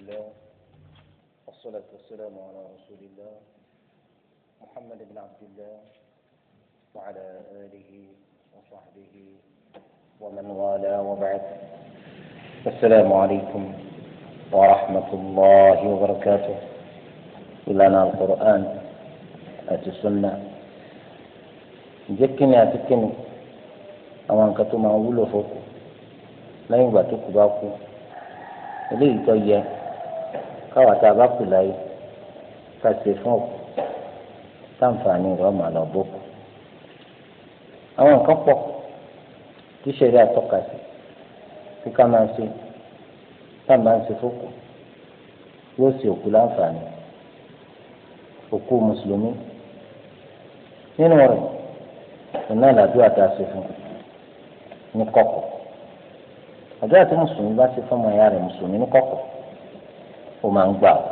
الله والصلاة والسلام على رسول الله محمد بن عبد الله وعلى آله وصحبه ومن والاه وبعد السلام عليكم ورحمة الله وبركاته إلى القرآن أتي السنة جكني أتكني أو أنك تما أقول فوق لا يبقى تكباكو eléyìí tó káwa tá a bá kù láyé ká ṣe fún òkú táǹfààní rẹ̀ ọmọ àlọ́ bókù. àwọn nǹkan pọ̀ tí ṣẹlẹ̀ àtọ́ka sí kí ká máa ṣe tá a máa ń ṣe fókù yóò ṣe òkú láǹfààní òkú mùsùlùmí nínú rẹ̀ ìná àdúrà tá a ṣe fún ní kọ̀kọ̀ àdúrà tí mùsùlùmí bá ṣe fún ọmọ ìyá rẹ̀ mùsùlùmí ní kọ̀kọ̀. ó máa ń gbà ó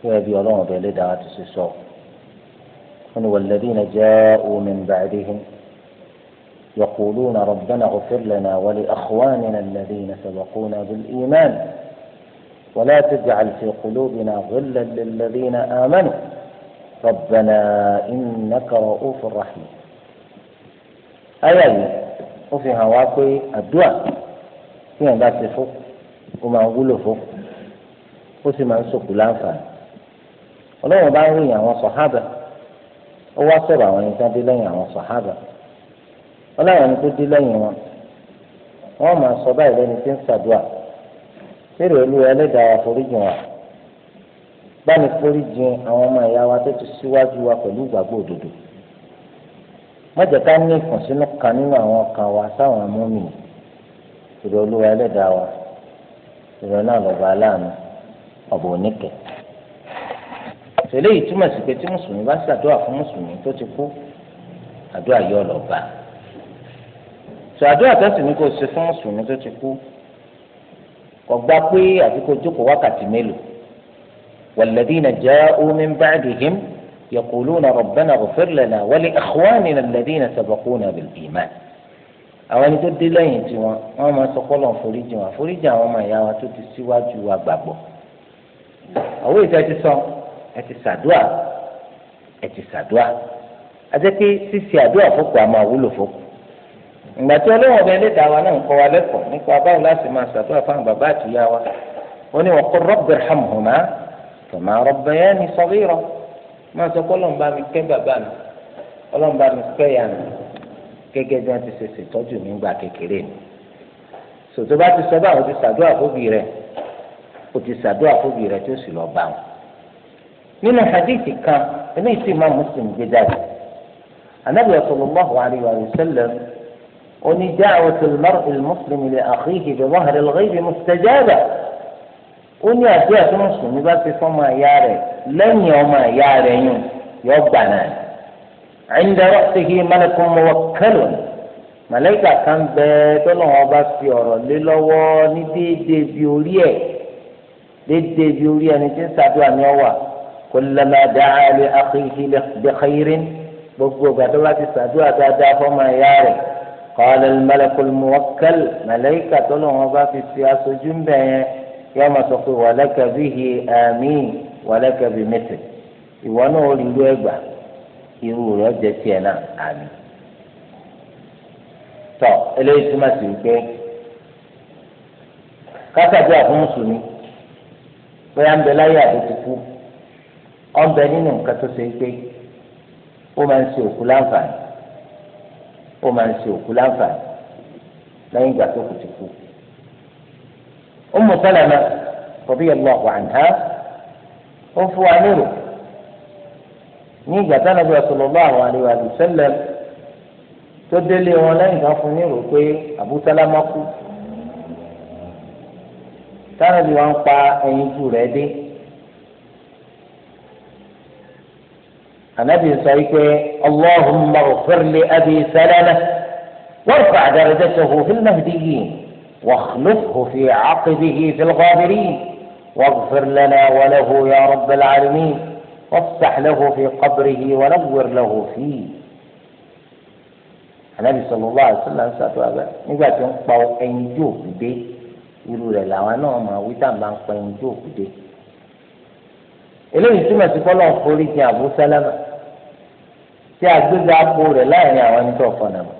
fẹ́ẹ́ ẹbí ọlọ́run ọbẹ̀ lé dáhà ti ṣe sọ ó ni bí ń bá walladhina ja'u min ba'dihim yaquluna rabbana ighfir lana wa li akhwanina alladhina sabaquna bil iman ولا تجعل في قلوبنا غلا للذين آمنوا ربنا إنك رؤوف رحيم أيها وفي هواكي الدعاء ba ti لا máa وما wulo فوق ó sì máa ń sòkù láǹfààní ọlọ́run bá ń ròyìn àwọn sọ̀hábà ó wá sọ̀rọ̀ àwọn ẹni tó dé lẹ́yìn àwọn sọ̀hábà ọlọ́run tó dé lẹ́yìn wọn wọ́n máa sọ báyìí lẹ́ni tí ń ṣàdúà fèrè olú ẹlẹ́dàá wa àwọn ọmọ ìyá wa síwájú wa pẹ̀lú ìgbàgbọ́ òdodo ọ̀bọ̀ oníkẹ̀. eléyìí túmọ̀ sí pé tí mùsùlùmí bá ṣàdúrà fún mùsùlùmí tó ti kú àdúrà yọ lọ́ba. ṣàdúrà tó sì ní kó ṣe fún mùsùlùmí tó ti kú kò gbà pé àti kó jókòó wákàtí mélòó والذين جاءوا من بعدهم يقولون ربنا اغفر لنا ولإخواننا الذين سبقونا بالإيمان àwọn ẹni tó dé lẹ́yìn tiwọn wọ́n máa sọ kọ́lọ̀ foríjì wọn foríjì àwọn ọmọ ìyá wa tó ti síwájú wa gbàgbọ́ àwọn ìfẹ́ ti sọ ẹ ti sàdúà ẹ ti sàdúà àti pé ṣíṣe àdúà fòkù àmọ́ àwúlò fòkù ìgbà tí ọlọ́wọ́n ọbẹ̀ lè dá wa náà ń kọ́ wa lẹ́kọ̀ọ́ nípa báwo láti máa sàdúà fáwọn bàbá àtìyá wa ó ní wọ́n kọ́ rabbihamhuma kama rabbayani saghira máa sọ pé ọlọ́run bá mi kẹ́ bàbá mi ọlọ́run bá mi kẹ́ ìyá mi gẹ́gẹ́ bí wọ́n ti ṣe ṣètọ́jú mi gbà kékeré mi sòtò bá ti sọ báwo ti sàdúà fóbi rẹ̀ kò ti sàdúrà fóbi rẹ̀ tó sì lọ bá wọn. nínú hadithi kan eléyìí tí Imam Muslim gbé jáde anabi sallallahu alayhi wa sallam oní da'watul mar'il muslimi li akhihi bi dhahril ghaybi ó ní àdúrà tó mùsùlùmí bá ti fọ́mọ àyà rẹ̀ lẹ́yìn ọmọ àyà rẹ̀ yùn yọ gbà náà عند رأسه ملك موكل ملائكة كان بيتنا وبس يرى للوا ندي دي بيوليه dédé bí orí ẹni tí ń ṣàdúrà ní ọwà kullama da'a li akhihi bi khairin gbogbo ìgbà tó bá ti ṣàdúrà dáadáa fọmọ ẹ̀yà rẹ̀ qala al malakul muwakkal mẹlẹ́kà tó lọ́wọ́ bá fi fi aṣojú ń bẹ̀ yẹn yọ ma sọ pé wa laka bihi àmín wa laka bi ìwọ náà rí irú ẹgbà irú rẹ̀ jẹ́ tiẹ̀ náà àmín. tọ́ eléyìí túmọ̀ sí wípé kásàdúrà fún mùsùlùmí. bóyá ń bẹ láyé àbótúkú ọbẹ nínú nǹkan tó ṣe pé ó máa ń ṣe òkú láǹfààní ó máa ń ṣe òkú láǹfààní lẹ́yìn ìgbà tó kù ti kú. Ummu Salama radiyallahu anha ó fún wa nírò ní ìgbà tí tó délé wọn lẹ́yìn fún tára bí wọ́n pa ẹyin jù rẹ̀ dé. ànábì sọ wípé allahumma ighfir li abi salama warfa darajatahu fil mahdiyyin wakhlufhu fi aqibihi fil ghabirin واغفر لنا وله يا رب العالمين وافتح له في قبره ونور له àti النبي صلى الله nígbà tí wọn أبا ẹyin قوة أنجوب dé. irú rẹ̀ làwọn náà máa wí tàbá ń pẹ́ ní tó òkúté eléyìí túmọ̀ sí kọ́lọ́ forí ti Abu Salama tí agbéga apò rẹ̀ láàrin àwọn ẹni tó fọ̀nà mọ́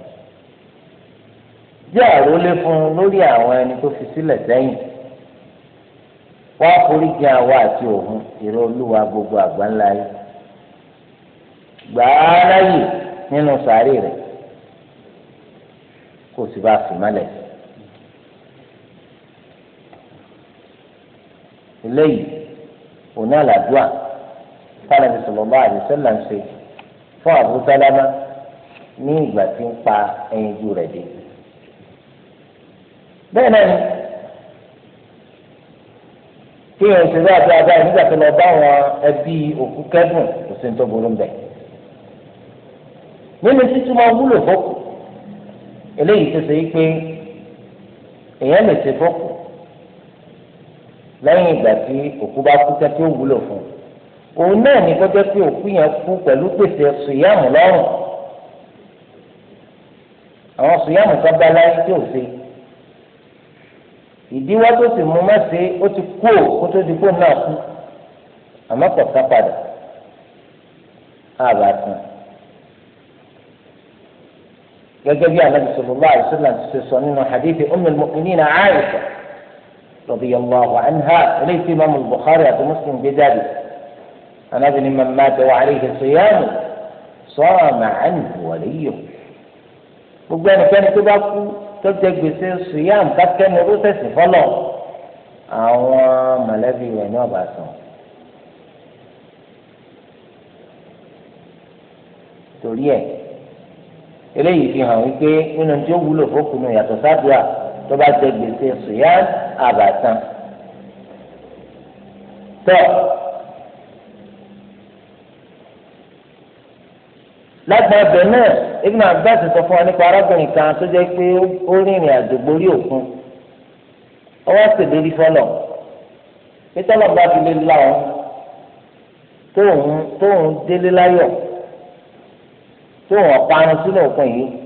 jẹ́ àrólé fún un lórí àwọn ẹni tó fi sílẹ̀ sẹ́yìn wọ́n forí ti àwa àti òun ìró olúwa gbogbo àgbáńlá yìí gbàá láyè nínú sàárè rẹ̀ kò sì bá a fi mọ́lẹ̀ sí. eléyìí òní àlàdúà sálẹ̀bí sọ̀lọ́bà àdìsẹ́là ń ṣe fún Abu Salama ní ìgbà tí ń pa ẹyinjú rẹ̀ dé. bẹ́ẹ̀ náà ni kí èèyàn ṣe bá àdúrà báyìí nígbà tó lọ bá àwọn ẹbí òkú kẹ́dùn kò sí tó burú bẹ́ẹ̀. nínú títúmọ̀ wúlò fọ́kù eléyìí tó ṣe é pé èèyàn lè ṣe fọ́kù lẹ́yìn ìgbà tí òkú bá kú tẹ́ tí ó wúlò fún un òun náà ní kọjá pé òkú yẹn kú pẹ̀lú pèsè sùyàmù lọ́rùn àwọn sùyàmù kan bá láyé tí ò ṣe ìdíwọ́ tó sì mú mẹ́sẹ̀ ó ti kú ò kó tó di kó náà kú àmọ́ kò ká padà àbá tán gẹ́gẹ́ bí Ànábì sallallahu alaihi wasallam ti sọ nínú hadithi Ummul Mu'minin Aisha. رضي الله eléyìí tí imaamu bukhari àti muslim gbé jáde anabi ni man mata wa alayhi siyamu sama anhu waliyyu gbogbo ẹnikẹ́ni tó bá kú tó jẹ gbèsè siyam kákẹ́ni rúṣẹ̀sì fọlọ́ àwọn mọ̀lẹ́bí rẹ̀ ní ọ̀bà sàn. torí ẹ eléyìí fi hàn wípé nínú tí ó wúlò fókùnù yàtọ̀ sábúà tó bá jẹ gbèsè sùyàn àbàtàn tọ lágbà ọbẹ náà Ibn Abbas sọ fún wa nípa arábìnrin kan tó jẹ pé ó rìnrìn àjò gborí òkun ọwọ́ ṣèlérí fọlọ pétọ́lọ̀ bá fi lé láwọn tóun tóun délé láyọ̀ tóun ọ̀parun sínú òkun yìí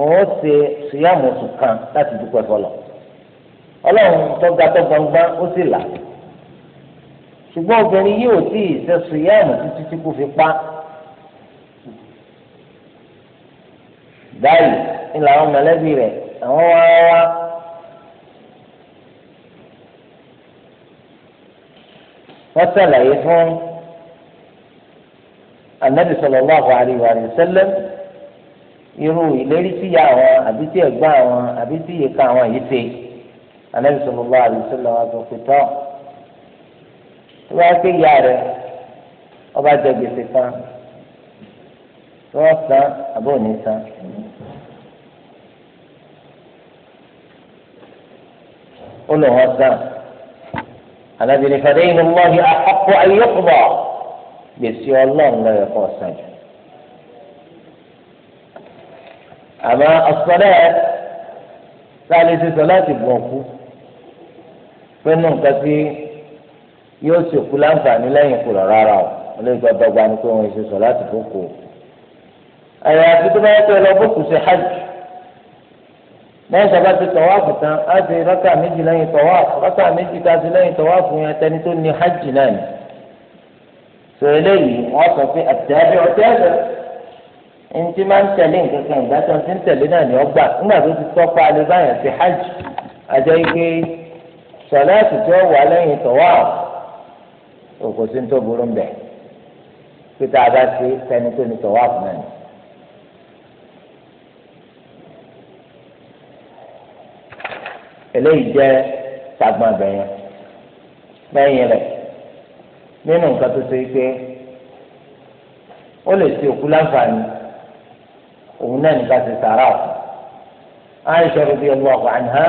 òun ó ṣe ṣìyàmù oṣù kan láti dúpẹ́ fọlọ́ ọlọ́run tọ́ga tó gbọngbọ́n ó sì là ṣùgbọ́n obìnrin yìí ò tí ì ṣe ṣìyàmù títí tí kò fi pa báyìí ni làwọn mọ̀lẹ́bí rẹ̀ àwọn wá wọ́n ṣàlàyé fún anabi sallallahu alaihi wa sallam irú ìlérí tí ya àwọn àbí tí ẹ̀gbọ́n àwọn àbí tí ìyèká àwọn yìí ṣe anabi sallallahu alaihi wasallam sọ pé tọ́ tí wọ́n á ké ya rẹ̀ ọba jẹ gbèsè kan tí wọ́n san àbí òní san. ó lọ wọn san anabi ní fàdéyìn lọ́hìn àkọ́kọ́ ayé kúbọ̀ gbèsè ọlọ́run àmọ́ ọ̀sọ́lẹ̀ láti ṣe sọ láti bọ̀ ọ̀kú pẹ̀lú nǹkan tí yóò ṣèkú láǹfààní lẹ́yìn kúrò rárá o olóògbé ọ̀dọ́gba ni pé wọ́n ṣe sọ láti bọ̀kú. ẹ̀yà àti tó bá yẹ kó ẹ lọ bọ̀kú ṣe hajj lẹ́yìn tó bá ti tọ̀wá fún tán á ti rákà méjì lẹ́yìn tọ̀wá rákà méjì ká ti lẹ́yìn tọ̀wá fún yẹn tẹni tó ní hajj náà ni. sọ eléyìí wọ́n sọ pé àtẹ̀yẹ́ ntí máa ń tẹ̀lé nǹkan kan ìdájọ́ tí ń tẹ̀lé náà ni ọ nígbà tó ti tọ́pa alẹ́ hajj ike lẹ́yìn tọ̀wá òkò sí tó burú ń bẹ̀ pété abá tẹni tó tọ̀wá fún eléyìí jẹ́ sagbọn òun náà nígbà tí sàrà ọ̀ Aisha radiyallahu anha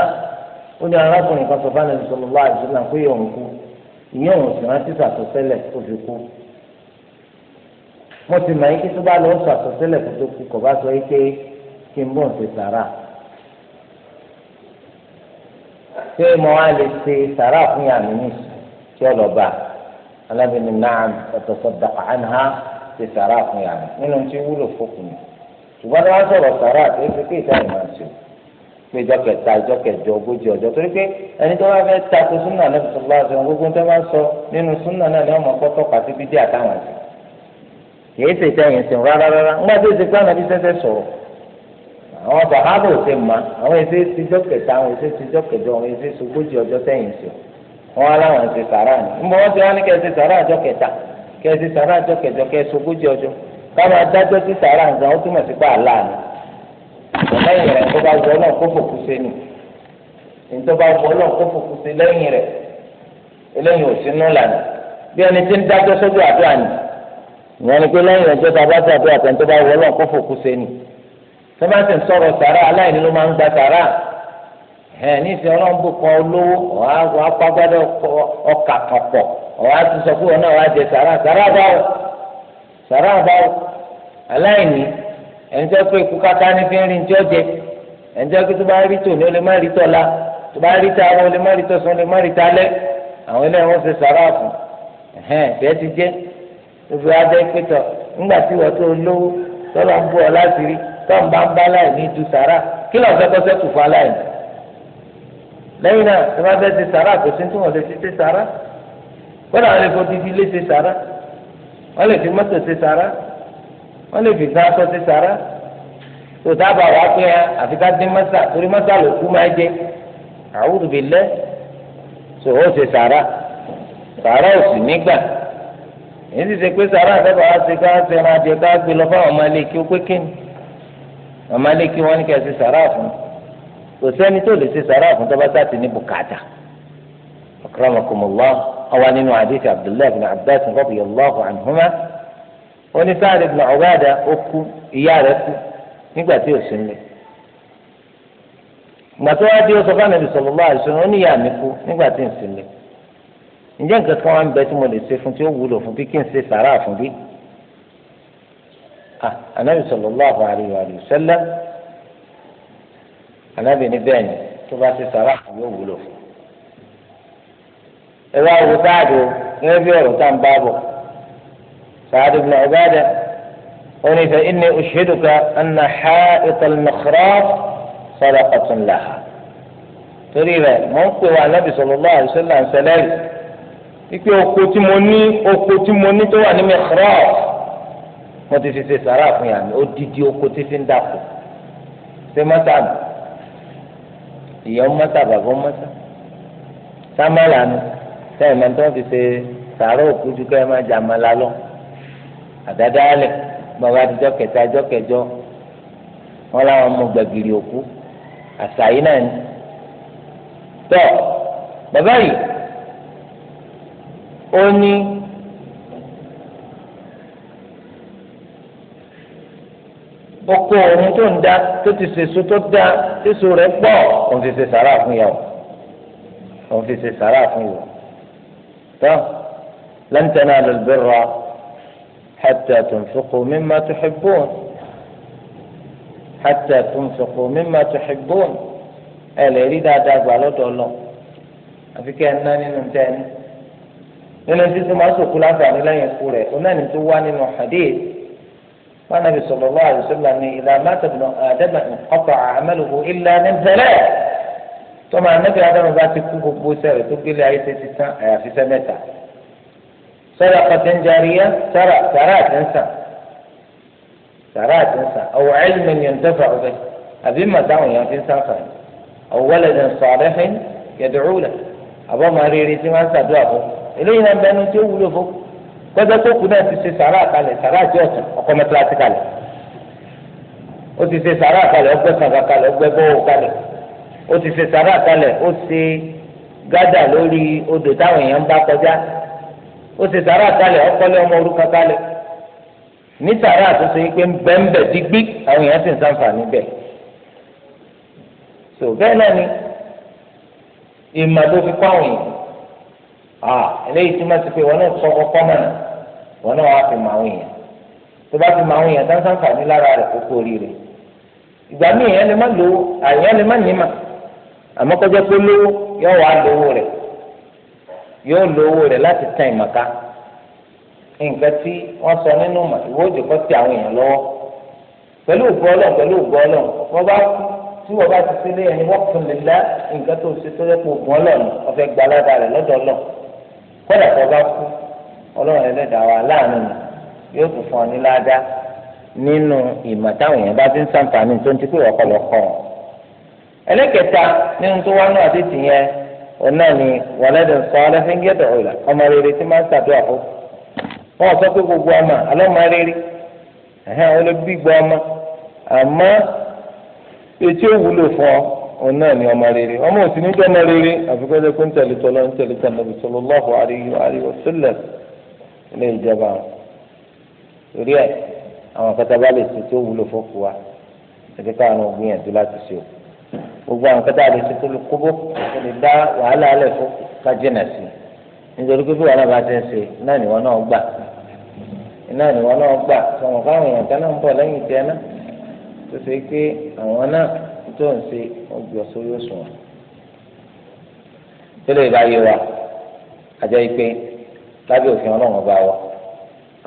ó ní arákùnrin kan sọ fáwọn ẹ̀sọ́ lọ́wọ́ àdúrà pé òun kú ìyẹn òun sì rántí sàtọ́sẹ́lẹ̀ tó fi kú mo ti mọ̀ yín kí tó bá lọ sàtọ́sẹ́lẹ̀ tó tó kú kò bá sọ yín pé kí n bọ̀ ń ṣe sàrà ṣé mo wá lè ṣe sàrà fún yàrá mi tí lọ bá alábìnrin náà ṣe sàrà fún yàrá nínú tí wúlò ṣùgbọ́n ní wọ́n sọ̀rọ̀ sàrà àti ẹ̀sìn pé ìta ìmọ̀ àṣẹ pé ìjọ kẹta ìjọ kẹjọ ogójì ọjọ́ torí pé ẹni tó bá fẹ́ súnà náà fi sọ̀rọ̀ àṣẹ gbogbo tó bá sọ nínú súnà náà ni wọ́n mọ̀ kọ́tọ́ pàtí bídí àtàwọn àṣẹ kìí ṣe ìtẹ̀yìn sìn rárá rárá ńgbà tó ṣe pé ànábi sẹ́sẹ́ sọ̀rọ̀ àwọn sàhábà ṣe àwọn kẹta àwọn kẹjọ àwọn wọn aláwọn káwọn adájọ́ ti sàrà nǹkan ó túmọ̀ sí pé lẹ́yìn rẹ̀ tó bá wọ náà kó fòkú ni tó bá náà kó lẹ́yìn rẹ̀ ò sínú lànà bí ẹni tí ń dájọ́ sójú àdúrà ìyẹn ni pé lẹ́yìn ẹjọ́ a bá ti àdúrà tẹ̀ tó bá náà kó tó bá ti ń sọ̀rọ̀ sàrà aláìní ló máa ń gba sàrà ẹ̀ ní ìsìn kan olówó ọkà ti sàrà àbáwò aláìní ẹnjẹ pé ikú kata ní fi ń rí njọ jẹ ẹnjẹ pé tó bá rí tòní ó lè má rí tọ́la tó bá rí tààrà ó lè má rí tọ̀sán ó lè má rí talẹ́ àwọn ilé wọn ṣe sàrà fún ẹhẹn bẹ́ẹ̀ ti jẹ òfin adé pétọ ńgbà tí wọn tó lówó tọ́lọ̀ ń bú ọ láti rí tọ́ọ̀ bá ń bá láìní ju sàrà kí lọ́ọ̀ fẹ́ kọ́ sẹ́kù fún aláìní lẹ́yìn náà tó bá fẹ́ sàrà kò wọ́n lè fi mọ́tò ṣe sara wọ́n lè fi gbá aṣọ ṣe tó dábàá wá pé àfi ká dín mọ́tà torí mọ́tà ló kú máa jẹ àwùjọ bíi lẹ́ tó ó ṣe sàrà sàrà ò sì nígbà èyí ti ṣe pé sàrà àtẹ́bàá wá ṣe ká ṣe jẹ ká gbé lọ fáwọn ọmọ ilé kí ó pé kíni ọmọ ilé kí wọ́n ní ṣe ọwọ́ nínú àdìsí abdullahi ibn abbas radiyallahu anhuma onísàlẹ̀ ibn Ubadah ó kú ìyá rẹ̀ kú nígbà tí ò sí mi gbàtí wọ́n di ọsọ fún ẹnìsọ̀rọ̀ lọ́wọ́ àìsàn ó ní ìyá mi kú nígbà tí ń sinmi ǹjẹ́ nǹkan kan wá ń bẹ tí mo lè ṣe fún tí ó wúlò fún bí kí n ṣe sàrà fún bí? Ah, ànábì sallallahu alaihi wa sallam ànábì ní bẹ́ẹ̀ ni tó bá ṣe sàrà fún yóò wúlò fún. ẹ bá wo sáàdù gẹ́gẹ́ bí ọ̀rọ̀ tá à ń bá bọ̀ sáàdù ibn Ubadah ó ní fa inni ushhiduka anna ha'it al-mikhraf sadaqatun laha torí rẹ̀ mò ń pè wá anábì sallallahu alaihi wasallam sẹlẹ̀rì wípé oko tí mo ní oko tí mo ní tó wà ní mikhraf mo ti fi ṣe sàrà fún ya yàrá odidi oko tí fi ń dàpọ̀ ṣé mọ́tàbà ìyá mọ́tàbà bọ́ sa sámẹ́là ni. sẹ́yìn mẹ́tọ́ fi ṣe sàárọ̀ òkú ju kẹ́ ẹ máa jà máa la lọ àdáda alẹ̀ bàbá àtijọ́ kẹta ẹjọ́ kẹjọ wọn làwọn mú gbàgìrì òkú àṣà náà ni tọ́ bàbá yìí ó ní. oko ohun tó ń da tó ti sèso tó da sísun rẹ̀ pọ̀ òun fi ṣe sàrà fún yàwó òun fi ṣe sàrà fún yàwó. لن تنالوا البر حتى تنفقوا مما تحبون حتى تنفقوا مما تحبون الا يريد أن تقبل الله أفكي أنني نمتين إن أنت ما سأقول أنت أن لا يقول أنني تواني الحديث والنبي صلى الله عليه وسلم إذا مات ابن آدم انقطع عمله إلا من ثلاث tọ́mọ anábì adamu bá ti kú gbogbo sẹ́rẹ̀ tó gbélé ayé tẹ́tí tán àyàfi sẹ́ mẹ́ta sọ́dà kọ́tẹ́ ń jarí yá sára sára àti ń sàn sára àti ń sàn ọ̀wọ́ ẹ̀lùmẹ̀ ni ọ̀n tẹ́fà ọ̀bẹ àbí màtáwọn yẹn fi ń sàǹfààní ọ̀wọ́ lẹ́dẹ̀ ń sọ àrẹ́ fẹ́ yẹ̀dùrú lẹ̀ àbọ̀ máa rí eré tí wọ́n ń sàdúrà fún eléyìí náà bẹnu tí ó wúlò fún kọ́tẹ́ tó kù náà ti ṣe sára àkàlẹ̀ sára àti ọ̀tún ọkọ mẹ́tíláṣí kalẹ̀ ó ti ṣe sára àkàlẹ̀ ọgbẹ́ kàkàlẹ̀ ọgbẹ́ bọ́ọ̀ kalẹ̀ ó ti ṣe sàrà kalẹ̀ ó ṣe gádà lórí odò táwọn èèyàn ń bá kọjá ó ṣe sara kalẹ̀ ọkọlẹ ọmọ orúkọ kalẹ̀ ní sàrà àtúnṣe yìí pé ń bẹ́ńbẹ́ dígbí àwọn èèyàn sì ń sàǹfààní bẹ̀ so bẹ́ẹ̀ náà ni ìmọ̀ ló fi kọ́ àwọn èèyàn à eléyìí tí wọ́n ti pé wọn náà kọ́kọ́ kọ́ mọ̀nà wọn náà wàá fi mọ àwọn èèyàn tó bá fi mọ àwọn èèyàn tán sàǹfààní lára rẹ̀ kókó oríire ìgbà míì èèyàn lè má lo àyàn lè má nímọ̀ àmọ́ kọjá pé lówó yóò wá lówó rẹ̀ yóò lówó rẹ̀ láti tàn ìmọ̀ká nǹkan tí wọ́n sọ nínú ìwé òjò kọ́ sí àwọn èèyàn lọ́wọ́ pẹ̀lú ògbọ́lọ̀ pẹ̀lú ògbọ́lọ̀ wọ́n bá kú tí wọ́n bá ti sílé ẹni wọ́n fún mi lá nǹkan tó ṣe tó yẹ kó gbọ́lọ̀ ni wọ́n fẹ́ gba aládàá rẹ̀ lọ́dọ̀ lọ kódà tó bá kú ọlọ́run ẹlẹ́dàá wa láàánú ni yóò tún fún ọ ní ládàá nínú ìmọ̀ táwọn èèyàn bá ti ń sàǹfààní tó ń ti pè wọ́pọ̀lọpọ̀ eleketa nínú tó wá náà ti tìyẹn òun náà ni wàlẹ́dẹ̀ sọ alẹ́fíńgẹ́dẹ̀ ọ̀la ọmọ rere tí máa ń ṣàdúrà fún wọn sọ pé gbogbo ọmọ alọ́mọ rere ẹ̀hẹ́n olóbi gbọ́ ọmọ àmọ́ etí ó wúlò fún ọ òun náà ni ọmọ rere ọmọ òsì níjọ́ ọmọ rere pé ń tẹ̀lé ń tẹ̀lé ilé ìjọba ẹ̀ àwọn bá lè ṣe wúlò fún gbogbo àwọn kẹta àti ṣe kúlù kúbó kò lè dá wàhálà alẹ̀ fún kájínà sí nítorí pé bí wàhálà bá ti ń ṣe náà ni wọn náà gbà náà ni wọn náà gbà sọmọ káwọn èèyàn kan náà ń bọ̀ lẹ́yìn tiẹ̀ náà tó ṣe pé àwọn náà tó ń ṣe wọn gbọ́ sórí òṣùwọ̀n tẹ́lẹ̀ ìbáyé wa àjọ ìpè lábẹ́ òfin Ọlọ́run bá wa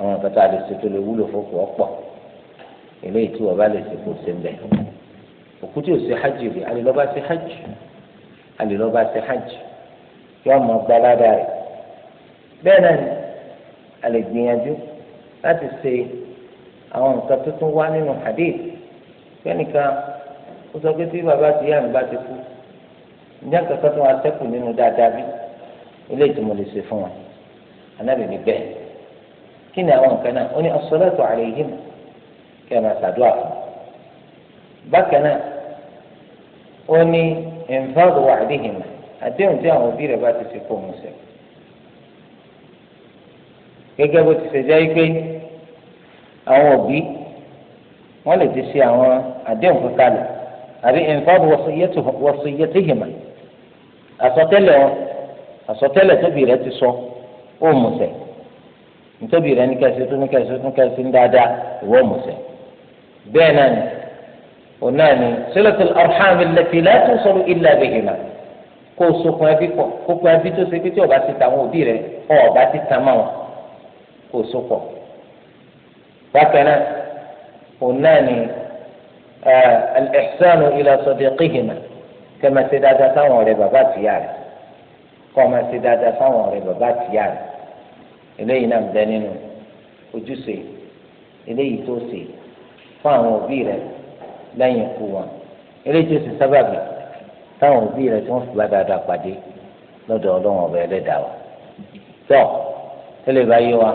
àwọn kẹta àti ṣe tó lè wúlò fún ọ̀pọ̀ eléyìí tí wọn bá lè ṣe kó ṣe ń bẹ òkú tí ò sí hajj rè alìlọ́ba sí hajj alìlọ́ba sí hajj yóò mọ gbalada rẹ bẹ́ẹ̀ náà ni a lè gbìyànjú láti ṣe àwọn nǹkan tó tún wá nínú hadith fẹ́nìkan ó sọ pé tí bàbá ti yá mi bá kú ǹjẹ́ nǹkan kan tó wá nínú dáadáa bí ilé ìtumọ̀ lè ṣe fún wa anábì ní bẹ́ẹ̀ kí ni àwọn nǹkan náà ó ní as-salatu alayhim kí ẹ máa ṣàdúrà fún bákan náà. ó ní ẹ̀ǹfàdù wà àdéhìnà àdéhùn tí àwọn òbí rẹ̀ bá ti ṣe kó mu sẹ̀. gẹ́gẹ́ bó ti ṣe jẹ́ pé àwọn òbí wọ́n lè ti ṣe àwọn àdéhùn kankanlẹ̀ àbí wọn tóbi ti sọ ó mu sẹ̀ ní tó ní tó ní onáni sílẹ̀tì ọ̀hánmi lẹ́tì lẹ́tù sọ̀rọ̀ ilẹ̀ abẹ́yìnà kó o sokun ẹbí pọ̀ kókó ẹbí tó ṣe pé tí ọba ti ta àwọn òbí rẹ ọba ti ta máa wọn kó o sopọ̀ bákan náà onáni ẹ̀ẹ́sánù ilẹ̀ sọ̀dẹ̀kìhìnà kẹ́ máa ṣe dáadáa sáwọn ọ̀rẹ́ bàbá àtìyá rẹ̀ kọ́ máa ṣe dáadáa sáwọn ọ̀rẹ́ bàbá àtìyá rẹ̀ eléyìí náà ń nínú ojúṣe eléyìí tó ṣe fún àwọn òbí rẹ̀ lẹ́yìn ikú wọn eléyìí tó sábàbí táwọn òbí rẹ̀ tí wọ́n fi bá pàdé lọ́dọ̀ ọlọ́wọ́n ọba ẹlẹ́dàá wa tọ́ tẹ́lẹ̀ bá yé wa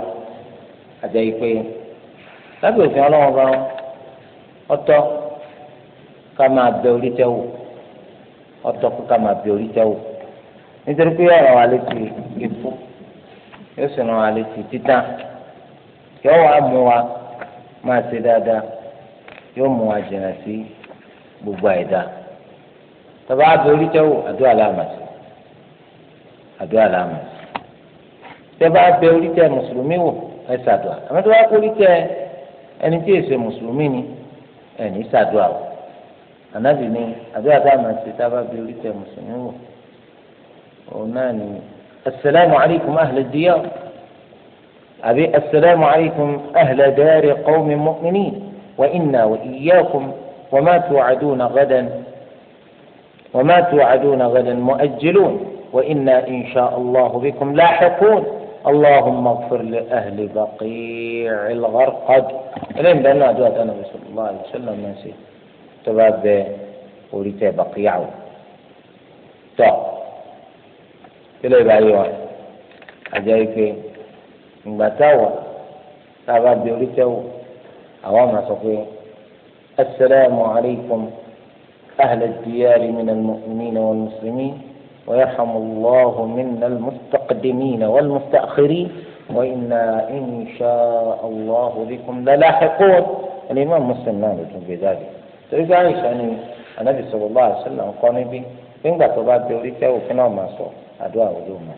àjẹ́ ìpè lábẹ́ òfin ọlọ́wọ́n ọba ọtọ́ ká máa bẹ orí tẹ́wò ọtọ́ ká máa bẹ orí tẹ́wò nítorí pé ọ̀rọ̀ wa létí ikú yóò sì ràn wa létí títà yọ̀wọ̀ á mú wa máa ṣe dáadáa yóò mú wa jìnnà sí gbogbo àìdá tọba adorí tẹwò àdúrà láàmàtì àdúrà láàmàtì tẹba abẹ orí tẹ mùsùlùmí wò ẹ ṣàdúrà àmọ́ tọba kórí tẹ ẹni tí èsè mùsùlùmí ni ẹni ṣàdúrà o ànábì ni àdúrà láàmàtì tọba abẹ orí tẹ mùsùlùmí wò òun náà ni asalaamu alaykum ahlẹ diyaw àbí asalaamu alaykum ahlẹ dẹrẹ qawmi mu'minin. وإنا وإياكم وما توعدون غدا وما توعدون غدا مؤجلون وإنا إن شاء الله بكم لاحقون اللهم اغفر لأهل بقيع الغرقد إلين بأن أدوات النبي صلى الله عليه وسلم نسيت تباب وريت بقيع تا طيب. إلى ìbáyé wa àjẹ́ ike ìgbà táwọ̀ tá عوام صغير السلام عليكم أهل الديار من المؤمنين والمسلمين ويرحم الله منا المستقدمين والمستأخرين وإنا إن شاء الله بكم للاحقون الإمام مسلم مالك في ذلك سيد عائشة أن النبي صلى الله عليه وسلم قال نبي فإن قد تبعت بوريك وكنا ما صور أدواء وجوه ما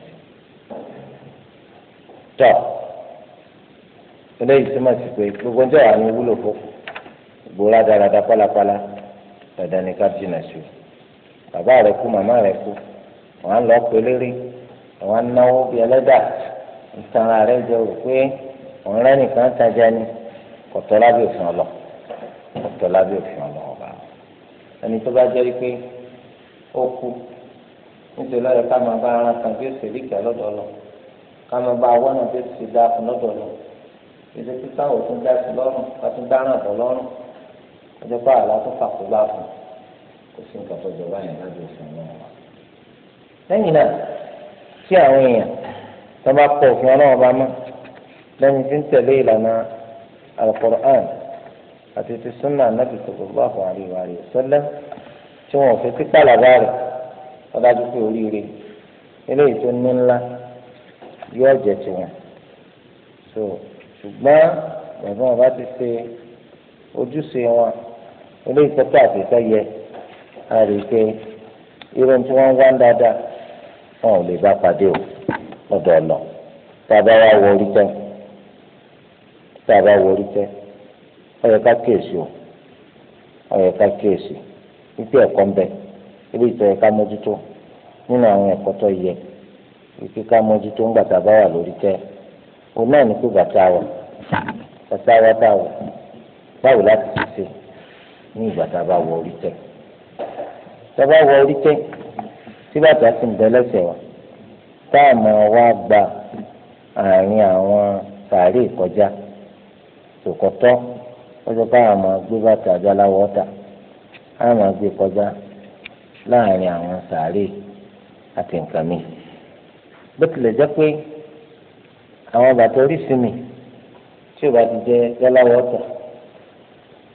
طيب eléyìí túmọ̀ sí pé gbogbo ń jẹ́ àwọn ìwúlò fún gbòòrà dáradá pálapàla dandan ní ká jìnà sí o bàbá rẹ kú màmá rẹ kú wọn á lọ pé lérí wọn á náwó bí ẹlẹ́dà ìtara rẹ jẹ rò pé òun rẹ nìkan tajà ni kọ̀tọ́ lábẹ́ òfin ọlọ kọ̀tọ́ lábẹ́ òfin ọlọ ọba ẹni tó bá jẹ́ pé ó kú nítorí ọ̀rẹ́ ká máa bá ara kan bí ó sì ìkẹ́ lọ́dọ̀ lọ ká máa bá awọ́nà bí ó sì dá lọ́dọ̀ lọ ìṣe títà ò tún dá sí lọ́rùn àti dáná bọ̀ lọ́rùn ọjọ́ bá àlá tó fàkóbá fún kò sí nǹkan tó jọba yẹn lábẹ́ òfin náà wà. lẹ́yìn náà tí àwọn èèyàn tó bá pọ̀ òfin ọlọ́run bá mọ́ lẹ́yìn tí ń tẹ̀lé ìlànà alukur'an àti ti sunna anabi sallallahu alaihi wa sallam tí wọn ò fi pípa làbá rẹ̀ ọdájú pé oríire eléyìí tó ní ńlá yóò jẹ tiwọn. so ṣùgbọ́n bàbá wọn bá ti ṣe ojúṣe wọn eléyìí tó tó àtẹ̀tẹ̀ yẹ a rí i pé irú tí wọ́n wá ń dáadáa wọn ò lè bá pàdé o lọ́dọ̀ ọ̀nà tá a bá wá wọ orí tẹ́ tá a bá wọ orí tẹ́ ó yẹ ká kíyèsí o ó yẹ ká kíyèsí wípé ẹ̀kọ́ ń bẹ ilé ìtọ́ yẹ ká mójútó nínú àwọn ẹ̀kọ́ tó yẹ wípé ká mójútó ńgbà tá a bá wà lórí tẹ́ ẹ̀ òun náà ní kó bàtà wà bàtà wà bá wà báwo láti ṣe ní ìgbà tá a bá wọ orí tẹ tá a bá wọ orí tẹ tí bàtà sì ń bẹ lẹ́sẹ̀ wa tá a máa wá gba àárín àwọn sàárè kọjá tòkọtọ lọ́jọ́ báwa máa gbé bàtà ajáláwọ ta á máa gbé kọjá láàárín àwọn sàárè àti nǹkan mi bó tilẹ̀ jẹ́ pé àwọn bàtà oríṣi mi tí o bá ti jẹ yálà wọ́tà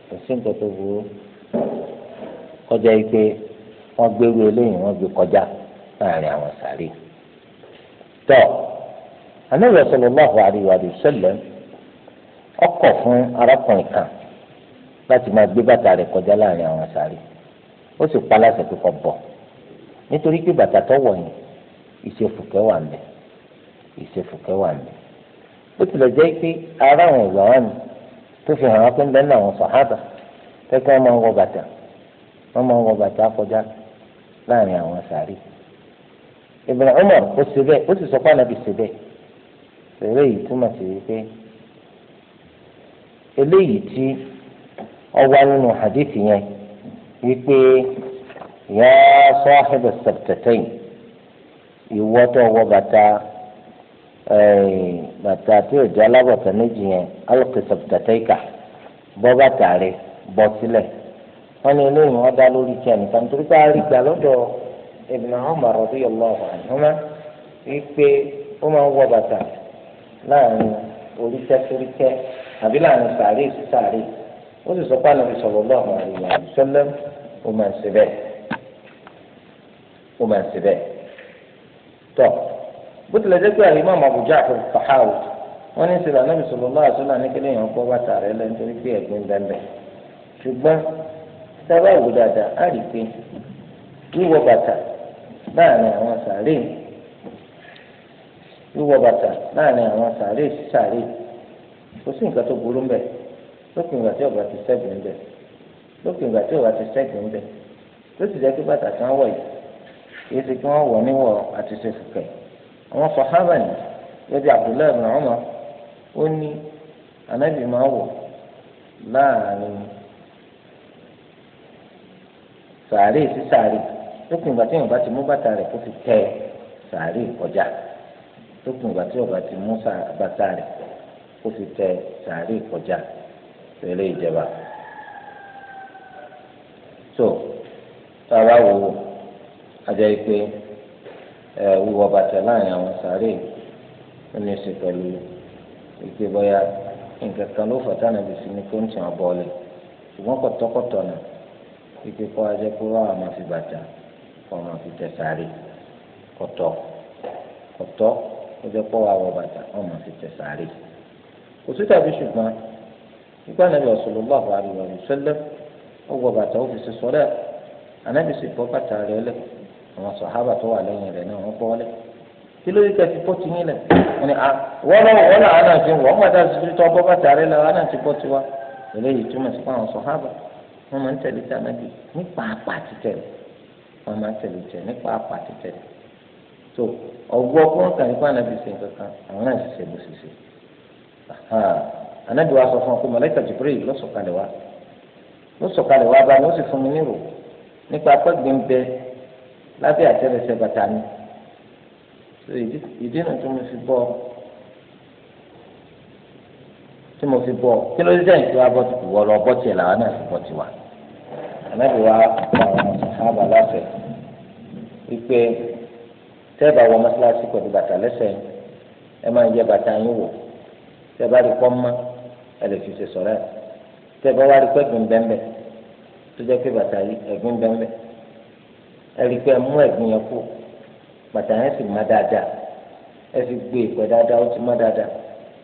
kò sí nǹkan tó burú kọjá yìí pé wọ́n gbérú eléyìí wọ́n gbé kọjá láàrin àwọn sàárè tọ́ Ànábì sallallahu alaihi wa sallam ọkọ̀ fún arákùnrin kan láti máa gbé bàtà rẹ̀ kọjá láàrin àwọn sàárè ó sì pa láṣẹ pé kó bọ́ nítorí pé bàtà tó wọ̀ yẹn ìṣefùkẹ́ wà ń bẹ̀ ìṣefùkẹ́ wà ń bẹ̀ bó tilẹ̀ jẹ́ pé ara àwọn ìgbà wọn ni tó fi hàn wọ́n pé ń bẹ́ẹ̀ náà wọ́n sàhábà tẹ́kẹ́ wọn máa ń wọ bàtà wọ́n máa ń wọ bàtà kọjá láàrin àwọn sàárì Umar ó ṣe bẹ́ẹ̀ ó sì sọ pé ànábì ṣe bẹ́ẹ̀ tẹ̀lé yìí túmọ̀ sí wípé eléyìí tí nínú hadith yẹn wípé ya sahib as-sabtatayn ìwọ́tọ̀ wọ bàtà. bàtà tí ò jẹ́ alábọ̀tà méjì yẹn alùpùpù tàtẹ́kà bọ́ bàtà rẹ̀ bọ́ sílẹ̀ wọ́n ní eléyìí wọ́n dá lórí kí ẹnìkan nítorí pé a rí gbà lọ́dọ̀ Ibn Umar radiyallahu anhuma wípé ó máa ń wọ bàtà láàrin oríṣẹ́ àbí láàrin sàárè sí sàárè ó sì sọ pé Ànábì sallallahu alaihi wasallam ó máa ń ṣe bẹ́ẹ̀ ó máa ń ṣe bẹ́ẹ̀ bó tilẹ̀ jẹ́ pé àlìmọ́ àmàbùjá àti fàhàwù wọ́n ní sèlè anábì sọ̀rọ̀ lọ́wọ́ àṣọlá ní kílẹ̀ yẹn kọ́ bàtà rẹ̀ lẹ́nu torí pé ẹ̀gbin bẹ́ẹ̀ ṣùgbọ́n sábà wò dáadáa á rí i pé wíwọ bàtà láàrin àwọn sàárè wíwọ bàtà láàrin àwọn sàárè sàárè kò sí nǹkan tó burú mbẹ lópin ìgbà tí ọba ti sẹ́gun mbẹ lópin ìgbà tí ọba ti sẹ́gun mbẹ tó ti jẹ́ pé bàtà kan wọ̀ yìí kì í kí wọ́n wọ̀ níwọ̀ àti ṣe fùkẹ́ yìí àwọn sọ̀hábà ni lọ́dí abdullahi ibn umar ó ní anabi máa wọ̀ láàrin sàárè sí sàárè lókun ìgbà tí yorùbá ti mú bàtà rẹ̀ kó fi tẹ sàárè kọjá lókun ìgbà tí yorùbá ti mú bàtà rẹ̀ kó fi tẹ sàárè kọjá pẹ̀lú ìjẹba tó tàbá wò ó ajá yìí pé wíwọ bàtà láàrin àwọn sàárè ó ní í ṣe pẹ̀lú ìpè bọ́yá nǹkan kan ló fàtà nàbì sí ní kó ń tàn bọ́ọ̀lì ṣùgbọ́n kọ̀tọ́kọ̀tọ̀ nà ìpè kọ́ ajẹ́ kó wà á máa fi bàtà kọ́ máa fi tẹ̀ sàárè kọ̀tọ́ kọ̀tọ́ ó jẹ́ kó wà á wọ bàtà kọ́ máa fi tẹ̀ sàárè. kò sí tàbí ṣùgbọ́n nígbà nàbì sallallahu alaihi wasallam ó wọ bàtà ó fi ṣe sọ́lẹ̀ ànábì sì bọ́ bàtà rẹ̀ lẹ́kọ̀ọ́ àwọn sàhábà tó wà lẹ́yìn rẹ̀ náà wọ́n kí ló yín lẹ̀ wọ́n ní ah, wọ́n lọ́wọ́ wọ́n náà ti wọ́n gbàdá síbi tó bọ́ bàtà rẹ̀ lọ́wọ́ àná ti eléyìí túmọ̀ sí pé àwọn wọ́n máa ń tẹ̀lé tí a náà ọ bá mi ó sì fún mi nípa ń lábẹ́ àtẹrẹsẹ̀ bàtà mi so ìdí nu tí mo fi bọ́ tí mo fi bọ́ kí ló dé sẹ́yìn tí wàá bọ́ ti wọ́ lọ bọ́ tiẹ̀ làwọn náà fi bọ́ tiwa ànábì wa pa àwọn sábà láfẹ̀ wípé tẹ́ẹ̀bà wọ mọ́ṣáláṣí pẹ̀lú bàtà lẹ́sẹ̀ ẹ máa yẹ bàtà yín wò tẹ́ẹ̀bà rí pọ́ mọ́ ẹ lè fi ṣe sọ̀rọ̀ ẹ̀ tẹ́ẹ̀bà wá rí pẹ́ẹ́gbìn bẹ́ẹ̀ bẹ́ẹ̀ tó jẹ́ pé bàtà yìí ẹ̀gbìn bẹ́ẹ̀ bẹ́ẹ̀. ẹ̀rí pé mú ẹ̀gbìn yẹn kú bàtà yẹn sì má dáadáa ẹ fi gbé ìpẹ́ e dáadáa ó ti má dáadáa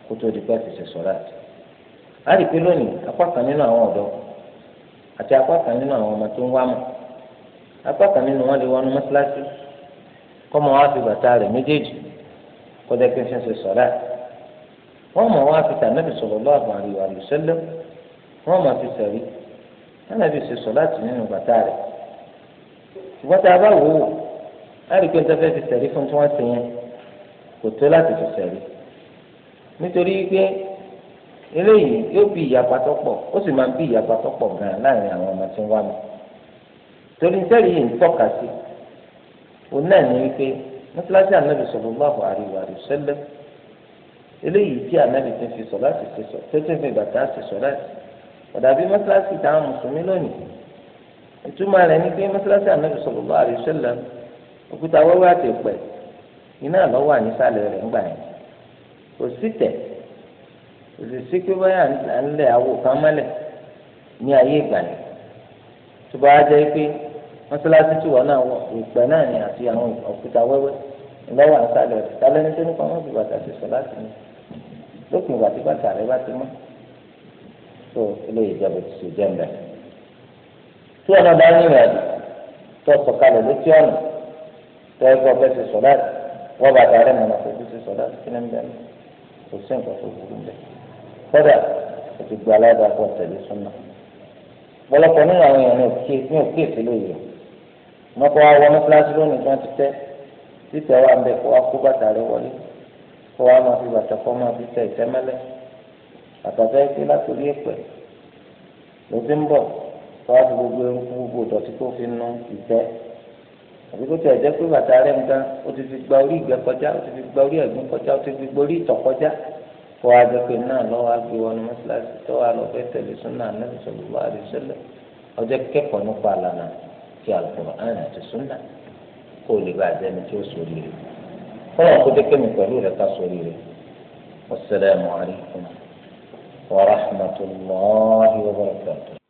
kó tó di pẹ́ ti ṣe àti. a rí i pé lónìí apá kan nínú àwọn ọ̀dọ́ àti apá kan nínú àwọn ọmọ tó ń wá mọ̀ apá kan nínú wọn lè wọnú mọ́ṣáláṣí kọ́mọ wá fi bàtà rẹ̀ méjèèjì kó pé ṣe wa wọ́n mọ̀ ṣùgbọ́n tá a bá wò ó láti pé nítorí fẹ́ẹ́ fi sẹ̀rí fún tí wọ́n ti yẹn kò tó láti fi sẹ̀rí nítorí pé eléyìí yóò bí ìyapa tó pọ̀ ó sì máa bí ìyapa tó pọ̀ gan-an láàrin àwọn ọmọ tí ń wá mi torí sẹ́rí yìí ń tọ́ka sí òun náà ní wípé mọ́tíláṣí ànábì sallallahu alaihi wa sallam eléyìí tí ànábì ti fi sọ láti fi sọ tó ti fi bàtà ti sọ láti ọ̀dà bí mọ́tíláṣí táwọn mùsùlùmí lónìí ìtumọ̀ rẹ̀ ní pé mọ́sálásí ànábì sallallahu alaihi wasallam òkúta wẹ́wẹ́ àti ìpẹ́ iná lọ wà nísàlẹ̀ rẹ̀ ńgbà yẹn kò sí tẹ̀ kò sì sí pé báyà ń lẹ̀ àwò kan mọ́lẹ̀ ní ayé ìgbà yẹn tó bá jẹ́ pé mọ́sálásí tí wọ́n náà wọ̀ ìpẹ́ náà ni àti àwọn òkúta wẹ́wẹ́ ńlọ́wọ́ àǹsàlẹ̀ rẹ̀ tálẹ́ ní tó nípa wọn fi bàtà ṣe sọ láti ní lópin ìgbà tí bàtà rẹ̀ bá ti mọ́ tó ilé ìjọba ti ṣe jẹ́ mbẹ́rẹ́ tí ọ̀nà bá ní ìrìn àjò tó sọ̀kalẹ̀ létí ọ̀nà tó ẹgbẹ́ ọ̀fẹ́ ṣe sọ̀dá wọ́n bàtà rẹ̀ mọ̀nà kò sí ṣe sọ̀dá kí ní bẹ́ẹ̀ ni kò sí nǹkan tó burú bẹ́ẹ̀. kódà o ti gba aláìda pọ̀ tẹ̀lé súnmọ́. ọ̀pọ̀lọpọ̀ nínú àwọn èèyàn ní òkè ìfìlẹ̀ yìí mọ́kọ́ wa wọnú kíláàsì lónìí tí wọ́n ti tẹ́ títẹ̀ wà ń bẹ kó wá kó bàtà rẹ̀ wọlé kó wá máa fi bàtà kọ́ máa fi tẹ ìtẹ́mẹ́lẹ̀ àtàtà ẹgbẹ́ látòrí èpè ló ti ń bọ̀ fọwọ́sí gbogbo ẹnkú gbogbo ìdọ̀tí tó fi nu ìgbẹ́ àti kó tiẹ̀ jẹ́ pé bàtà rẹ̀ ń dán ó ti fi gba orí ìgbẹ́ kọjá ó ti fi gba orí ẹ̀gbọ́n kọjá ó ti fi gba orí ìtọ̀ kọjá kó a jẹ pé náà lọ́wọ́ agbé wọn ní mọ́ṣáláṣí tó wà lọ fẹ́ tẹ̀lé súnà anábì sallallahu alaihi wasallam ọjọ́ kẹ́kọ̀ọ́ nípa àlànà ti al wa rahmatullahi wa barakatuh.